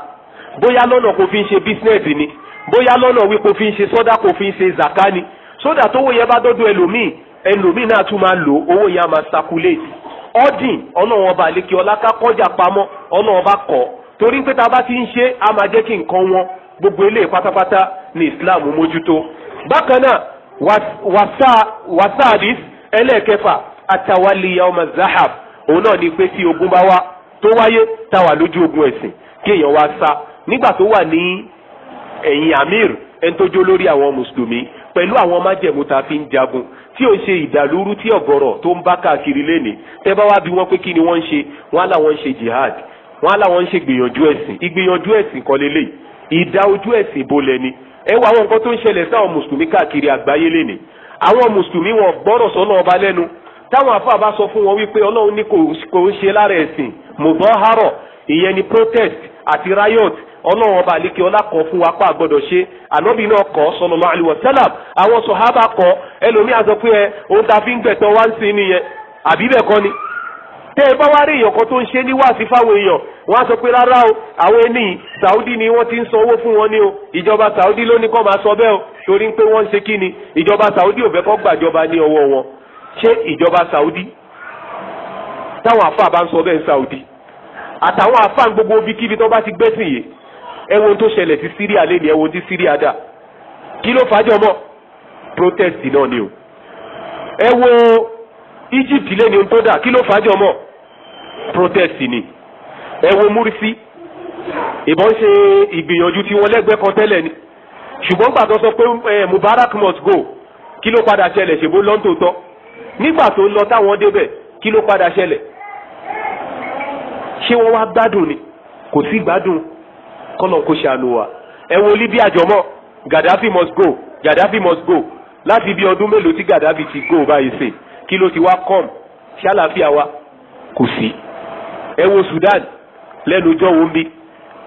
bóyá lọ́nà kò fi ń ṣe bísínẹ́sì ni bóyá lọ́nà wípé kò fi ń ṣe sọ́dá kò fi ń ṣe zàká ni sódà tówó yẹn bá dọ́dọ̀ ẹlòmíì ẹlòmíì náà tún máa lò owó yẹn á máa circulate ọ́dìn ọ̀nà wọn bá lékè ọlá ká kọjá pamọ́ ọ̀nà wọn bá kọ̀ torí pé tá a bá ti ń ṣe á máa jẹ́ kí nǹkan wọn gbogbo eléyìí pátápátá ní Islam mójútó bákan náà wasaadis ẹlẹ́ẹ̀kẹfà atawaliya ọmọ zahab òun náà ni pé tí ogun bá wá tó wáyé táwa lójú ogun ẹ̀sìn kéèyàn wá sá nígbà tó wà ní ẹ̀yìn amir ẹni tó jó lórí àwọn mùsùlùmí pẹ̀lú àwọn májẹ̀mú ta fi ń jagun tí ò ń ṣe ìdàlúrú tí ọ̀gọ̀rọ̀ tó ń bá káàkiri lénìí tẹ́ bá wá bí wọ́n pé kí ni wọ́n ń ṣe wọ́n á láwọn ń ṣe jihad wọ́n á láwọn ń ṣe gbìyànjú ẹ̀sìn ìgbìyànjú ẹ̀sìn kan lélẹ̀ ìdá ojú ẹ̀sìn bolẹ̀ ni ẹ wo àwọn nǹkan tó ń ṣẹlẹ̀ sáwọn mùsùlùmí káàkiri àgbáyé lénìí àwọn mùsùlùmí wọn gbọ́rọ̀ sọ́nà ọba lẹ́nu táwọn àfáà bá sọ fún wọn wípé ọlọ́run ní kò ń ṣe lára ẹ̀sìn mùbọ́hárọ̀ ìyẹn ni protest àti riot ọlọ́run ọba àlékè ọlá kọ fún wa pa àgbọ́dọ̀ ṣe ànábì náà kọ sallallahu alaihi wasallam àwọn sọ̀hábà kọ ẹlòmíà sọ pé ẹ òun ta fi ń gbẹ̀tọ̀ wá ń sin nìyẹn àbí bẹ́ẹ̀ kọ́ ni tẹ́ ẹ bá wá rí èèyàn kan tó ń ṣe ní wáàsí fáwọn èèyàn wọ́n á sọ pé rárá o àwọn ẹni Saudi ni wọ́n ti ń sanwó fún wọn ni o ìjọba Saudi ló ní kó máa sọ bẹ́ẹ̀ o torí pé wọ́n ń ṣe kí ni ìjọba Saudi ò fẹ́ kó gbàjọba ní ọwọ́ wọn ṣé ìjọba Saudi táwọn àfa bá ń sọ bẹ́ẹ̀ Saudi àtàwọn àfa gbogbo bíkíbi tó bá ti gbẹ́sìn yìí ẹ wo ohun tó ṣẹlẹ̀ sí Syria lẹ́nu ẹ wo ohun tí Syria dà kí ló fàájọ mọ́ protest náà ni o ẹ Egypt lẹ́nu ohun tó dà kí ló fàájọ mọ́ protest ni ẹ wo Mursi ìbọn ṣe ìgbìyànjú tí wọ́n lẹ́gbẹ́ kan tẹ́lẹ̀ ni ṣùgbọ́n gbà tó sọ pé Mubarak must go kí ló padà ṣẹlẹ̀ ṣèbó lọ́ńtòótọ́ nígbà tó ń lọ táwọn débẹ̀ kí ló padà ṣẹlẹ̀ ṣé wọ́n wá gbádùn ni kò sí gbádùn kọ́nà kó ṣàánú wa ẹ wo Libya jọmọ́ Gaddafi must go Gaddafi must go láti bí ọdún mélòó tí Gaddafi ti go báyìí sè kí ló ti wá kọ́m ṣé àlàáfíà wa kò sí ẹ wo Sudan lẹ́nu ọjọ́ wo ń bí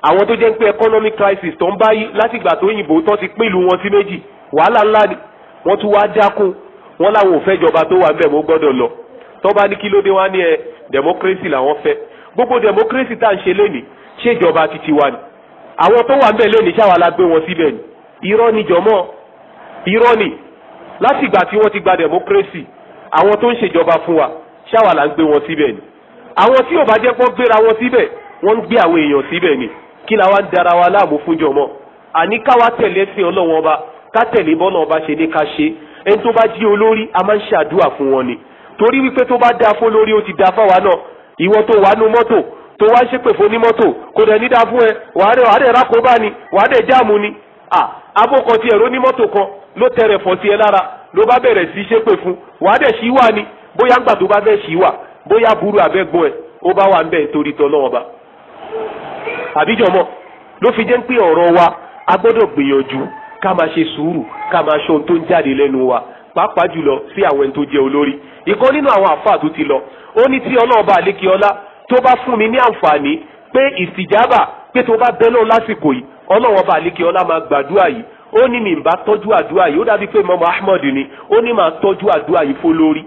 àwọn tó jẹ́ ń pé economic crisis tó ń báyìí látìgbà tó yìnbó tó ti pín ìlú wọn sí méjì wàhálà ńlá ni wọ́n tún wá dákun wọ́n láwọn ò fẹ́ jọba tó wà ńbẹ̀ mọ́ gbọ́dọ̀ lọ tó bá ní kí ló dé wá ní ẹ democracy làwọn fẹ́ gbogbo democracy tá à ń ṣe lénìí ṣé ìjọba ti tiwa ni àwọn tó wà ń bẹ̀ lónìí ṣáwa la gbé wọn síbẹ̀ ni irọ́ ni jọ̀mọ́ irọ́ ni látìgbà tí wọ́n ti gba democracy àwọn tó ń ṣèjọba fún wa ṣáwa la ń gbé wọn síbẹ̀ ni àwọn tí ò bá jẹ́ pọ́n gbéra wọn síbẹ̀ wọ́n ń gbé àwọn èèyàn síbẹ̀ ni kí la wá ń dara wa láàmú fún jọ̀mọ́ àní káwa tẹ̀lé sí ọlọ́wọ́n ọba ká tẹ̀lé bọ́lá ọba ṣe ní ká ṣe ẹni tó bá jí olórí a máa ń ṣàdúrà fún wọn ni torí wípé tó bá dáa fún olórí ó ti dáa fáwa náà ìwọ tó wà nú mọ́tò tó wá ṣépè fún onímọ́tò kò dẹ̀ ní dáa fún ẹ wàá dẹ̀ wàá ni wàá dẹ̀ jáàmù ni à abókan tiẹ̀ kan ló tẹrẹ fọ́ tiẹ̀ lára ló bá bẹ̀rẹ̀ sí ṣépè fún wàá dẹ̀ ṣí ni bóyá tó bá fẹ́ bóyá burú ẹ ó bá wà fi jẹ́ wa a gbìyànjú ká máa ṣe sùúrù ká máa wa pàápàá jùlọ sí àwọn ẹni tó jẹ́ olórí ìkan nínú àwọn àfáà tó ti lọ ó ní tí tó bá fún mi ní àǹfààní pé ìsìjábà pé tó bá bẹ́ náà lásìkò yìí ọlọ́wọ́n bá àlékè ọlá máa gbàdúrà yìí ó ní mi bá tọ́jú àdúrà yìí ó dàbí pé mọ́mọ́ Ahmed ni ó ní máa tọ́jú àdúrà yìí fó lórí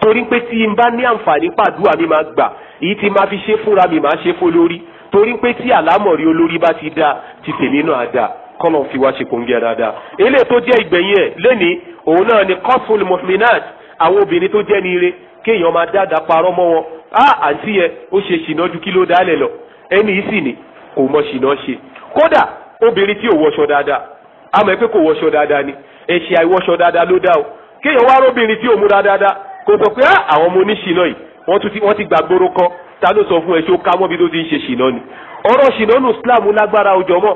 torí pé tí n bá ní àǹfààní pàdúrà mi máa gbà èyí tí máa fi ṣe fúnra mi máa ṣe fó lórí torí pé tí àlámọ̀rí olórí bá ti dáa ti tèmi náà dáa kọ́lọ̀ fi wá ṣe kòǹgẹ́ dáadáa eléyìí tó jẹ́ ìgbẹ̀yìn ẹ̀ lẹ́ni òun náà ni kọ́sùn mọ̀mìnàt àwọn obìnrin tó jẹ́ ni ire kéèyàn máa dáadáa parọ́ mọ́ wọn á àǹtí yẹn ó ṣe ṣìnà ju kí ló dálẹ̀ lọ ẹni yìí sì ni kò mọ ṣìnà ṣe kódà obìnrin tí ò wọṣọ dáadáa àmọ́ ẹ pé kò wọṣọ dáadáa ni ẹ̀ṣẹ̀ àìwọṣọ dáadáa ló dá o kéèyàn wá róbìnrin tí ò múra dáadáa kò sọ pé á àwọn ọmọ oníṣìnà yìí wọ́n ti wọ́n ti gbàgbóró kan ta ló sọ fún ẹ ṣé ó ká mọ́bi tó ti ń ṣe ṣìnà ni ọ̀rọ̀ ṣìnà nù Islam lágbára òjò mọ́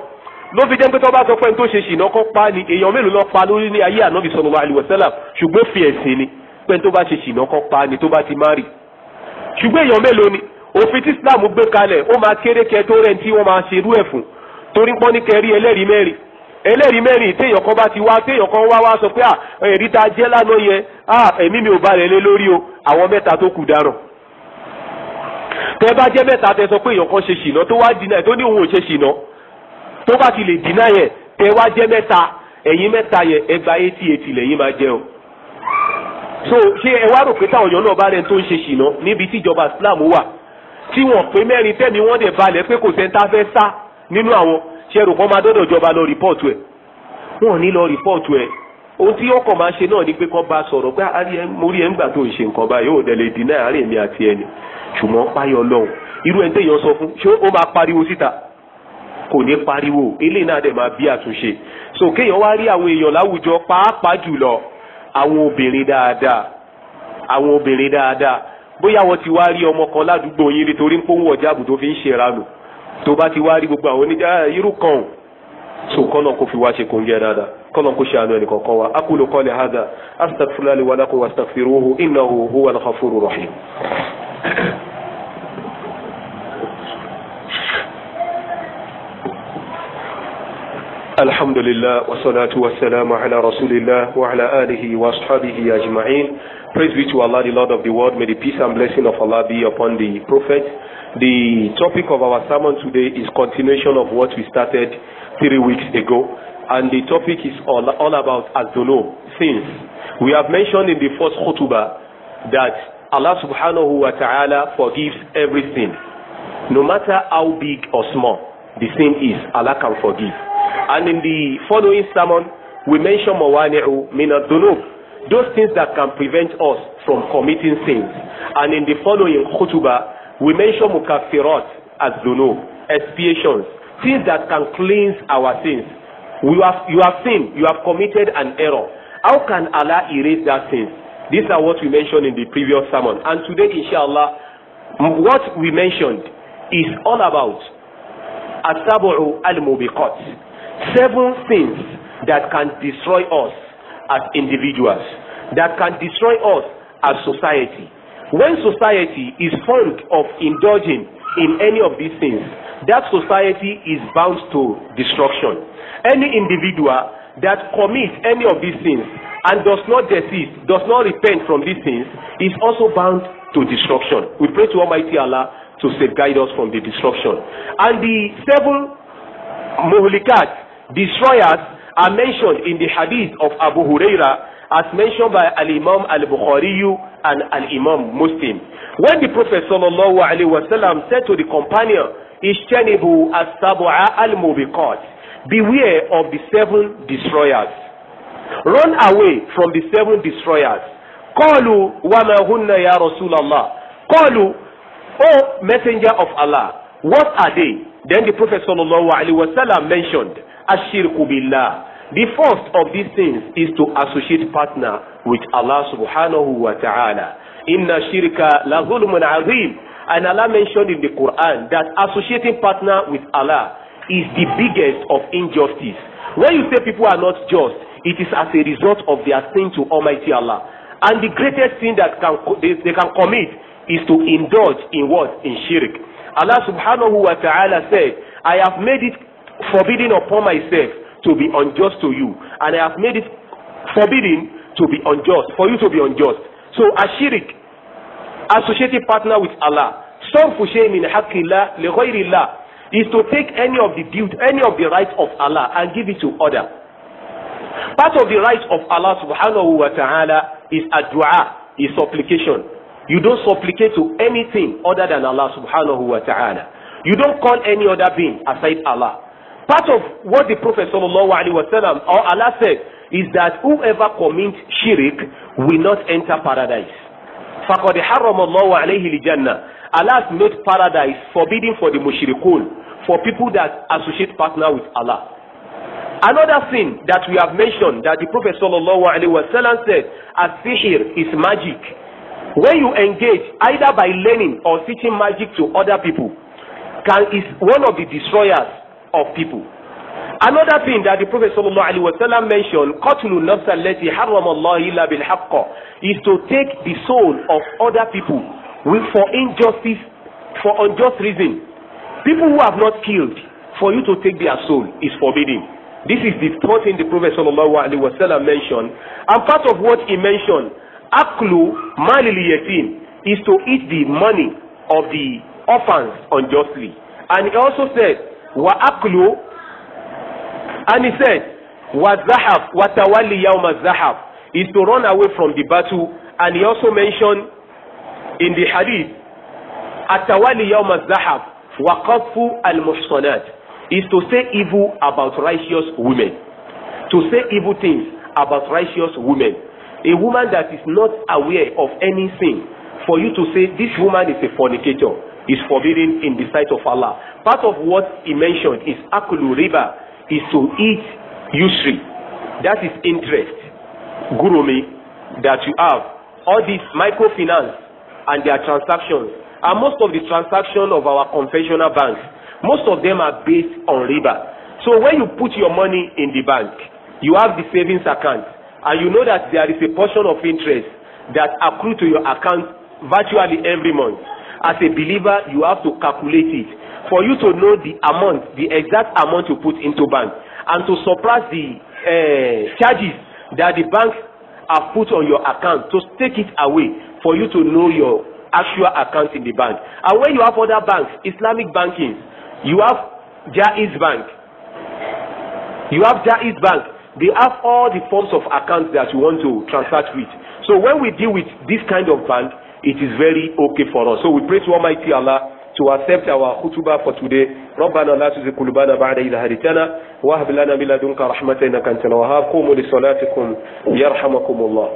ló fi jẹ́ pé tó bá sọ pé n tó ṣe ṣìnà kọ́ pa ni èèyàn mélòó lọ pa lórí ní ayé ànábì sallallahu alaihi wasallam ṣùgbọ́n fi ẹ̀sìn ni pé n tó bá ṣe ṣìnà kọ́ pa ni tó bá ti má rí ṣùgbọ́n èèyàn mélòó ni òfin tí islam gbé kalẹ̀ ó máa kéré kẹ tó rẹ̀ tí wọ́n máa ṣe irú ẹ̀ fún torí pọ́n ní kẹrí ẹlẹ́rìí mẹ́rin ẹlẹ́rìí mẹ́rin téèyàn kan bá ti wá téèyàn kan wá wá sọ pé ẹ̀rí tá a jẹ́ lánàá yẹn ẹ̀mí mi ò balẹ̀ lé lórí o àwọn mẹ́ta tó kù dáràn tẹ bá jẹ́ mẹ́ta tẹ sọ pé èèyàn kan ṣe ṣìnà tó wá dínà tó ní òun ò ṣe ṣìnà tó bá ti lè dínà yẹn tẹ wá jẹ́ mẹ́ta ẹ̀yin mẹ́ta yẹn ẹgbàá eighty eighty lẹ́yìn máa jẹ́ o so ṣé ẹ wá rò pé táwọn èèyàn náà bá rẹ tó ń ṣe ṣìnà níbi tí ìjọba Islam wà tí wọ́n pé mẹ́rin tẹmí wọ́n dẹ̀ balẹ̀ pé kò sẹńtà fẹ́ sá nínú àwọn ṣe rò kán máa dọdọ ìjọba lọ rìpọ́ọ̀tù ẹ wọ́n ní lọ rìpọ́ọ̀tù ẹ ohun tí ọkọ̀ máa ṣe náà ni pé kán bá sọ̀rọ̀ pé mo rí ẹ ń gbà tó ń ṣe nǹkan báyìí ò dẹ̀lẹ̀ dínà àárẹ̀ mi àti ẹni ṣùgbọ́n páyọ̀ lọ́hùn irú ẹni téèyàn sọ fún ṣé ó máa pariwo síta kò ní pariwo eléyìí náà dẹ̀ máa bí àtúnṣe so kéèyàn wá rí àwọn èèyàn láwùjọ pàápàá jùlọ àwọn obìnrin dáadáa àwọn obìnrin dáadáa bóyá wọn ti wá rí ọmọ kan ládùúgbò yín nítorí ń pòun ọ̀jáàbù tó fi ń ṣèrànù tó bá ti wá rí gbogbo àwọn oníjà ah, irú kan so kọ́nà kò fi wá ṣe kóńgẹ́ dáadáa kọ́nà kò ṣe àánú wa akulu qawli hadha astaghfirullahi wa lakum wastaghfiruhu innahu huwal الحمد لله والصلاة والسلام على رسول الله وعلى آله وصحبه أجمعين Praise be to Allah, the Lord of the world. May the peace and blessing of Allah be upon the Prophet. The topic of our sermon today is continuation of what we started three weeks ago. And the topic is all, all about Adono, sins. We have mentioned in the first khutbah that Allah subhanahu wa ta'ala forgives everything. No matter how big or small the sin is, Allah can forgive. And in the following sermon, we mention mawani'u min ad-dunub, those things that can prevent us from committing sins. And in the following khutbah, we mention mukaffirat ad-dunub, expiations, things that can cleanse our sins. You have, you have sinned, you have committed an error. How can Allah erase that sin? These are what we mentioned in the previous sermon. And today, inshallah, what we mentioned is all about asabu al-mubiqat seven things that can destroy us as individuals, that can destroy us as society. When society is fond of indulging in any of these things, that society is bound to destruction. Any individual that commits any of these things and does not desist, does not repent from these things, is also bound to destruction. We pray to Almighty Allah to safeguard us from the destruction. And the seven muhlikat Destroyers are mentioned in the hadith of Abu Huraira as mentioned by Al-Imam Al-Bukhari and Al-Imam Muslim. When the Prophet sallallahu alayhi wa said to the companion, Ishtanibu as-sab'a al-mubiqat, beware of the seven destroyers. Run away from the seven destroyers. Qalu wa ma hunna ya Allah. Qalu, O Messenger of Allah, what are they? Then the Prophet sallallahu alayhi wa mentioned ashirku billah the first of these things is to associate partner with Allah subhanahu wa ta'ala inna shirka la zulmun azim and Allah mentioned in the Quran that associating partner with Allah is the biggest of injustice when you say people are not just it is as a result of their sin to Almighty Allah and the greatest sin that can they, they can commit is to indulge in what in shirk Allah subhanahu wa ta'ala said I have made it forbidden upon myself to be unjust to you and I have made it forbidden to be unjust for you to be unjust so ashirik associated partner with Allah sorfu shay hakila haqqillah is to take any of the due any of the rights of Allah and give it to other part of the rights of Allah subhanahu wa ta'ala is adua is supplication you don't supplicate to anything other than Allah subhanahu wa ta'ala you don't call any other being aside Allah part of what the Prophet sallallahu alaihi wasallam or Allah said is that whoever commits shirk will not enter paradise. فَقَدْ حَرَّمَ اللَّهُ عَلَيْهِ الْجَنَّةِ Allah has made paradise forbidden for the mushrikun, for people that associate partner with Allah. Another thing that we have mentioned that the Prophet sallallahu alaihi wasallam said as sihir is magic. When you engage either by learning or teaching magic to other people, can is one of the destroyers of people. Another thing that the Prophet sallallahu alaihi wasallam mentioned, qatlu nafsa allati harrama Allah illa bil is to take the soul of other people with for injustice, for unjust reason. People who have not killed, for you to take their soul is forbidden. This is the third thing the Prophet sallallahu alaihi wasallam mentioned, and part of what he mentioned, aklu malil yatim, is to eat the money of the orphans unjustly, and he also said wa aklu and he said wa zahab, wa tawali yawma zahaf is to run away from the battle and he also mentioned in the hadith atawali yawma zahaf wa qafu al-muhsanat is to say evil about righteous women to say evil things about righteous women a woman that is not aware of anything for you to say this woman is a fornicator is forbidden in the sight of Allah. Part of what he mentioned is akulu riba, is to eat usury. That is interest, gurumi, that you have. All this microfinance and their transactions, and most of the transactions of our conventional banks, most of them are based on riba. So when you put your money in the bank, you have the savings account, and you know that there is a portion of interest that accrue to your account virtually every month as a believer you have to calculate it for you to know the amount the exact amount you put into bank and to surpass the uh, charges that the bank have put on your account to take it away for you to know your actual account in the bank and when you have other banks Islamic banking you have Jaiz Bank you have Jaiz Bank they have all the forms of accounts that you want to transact with so when we deal with this kind of bank it is very okay for us. So we pray to Almighty Allah to accept our khutbah for today. ربنا لا تزغ قلوبنا بعد إذ هديتنا وهب لنا من لدنك رحمة إنك أنت الوهاب قوموا لصلاتكم يرحمكم الله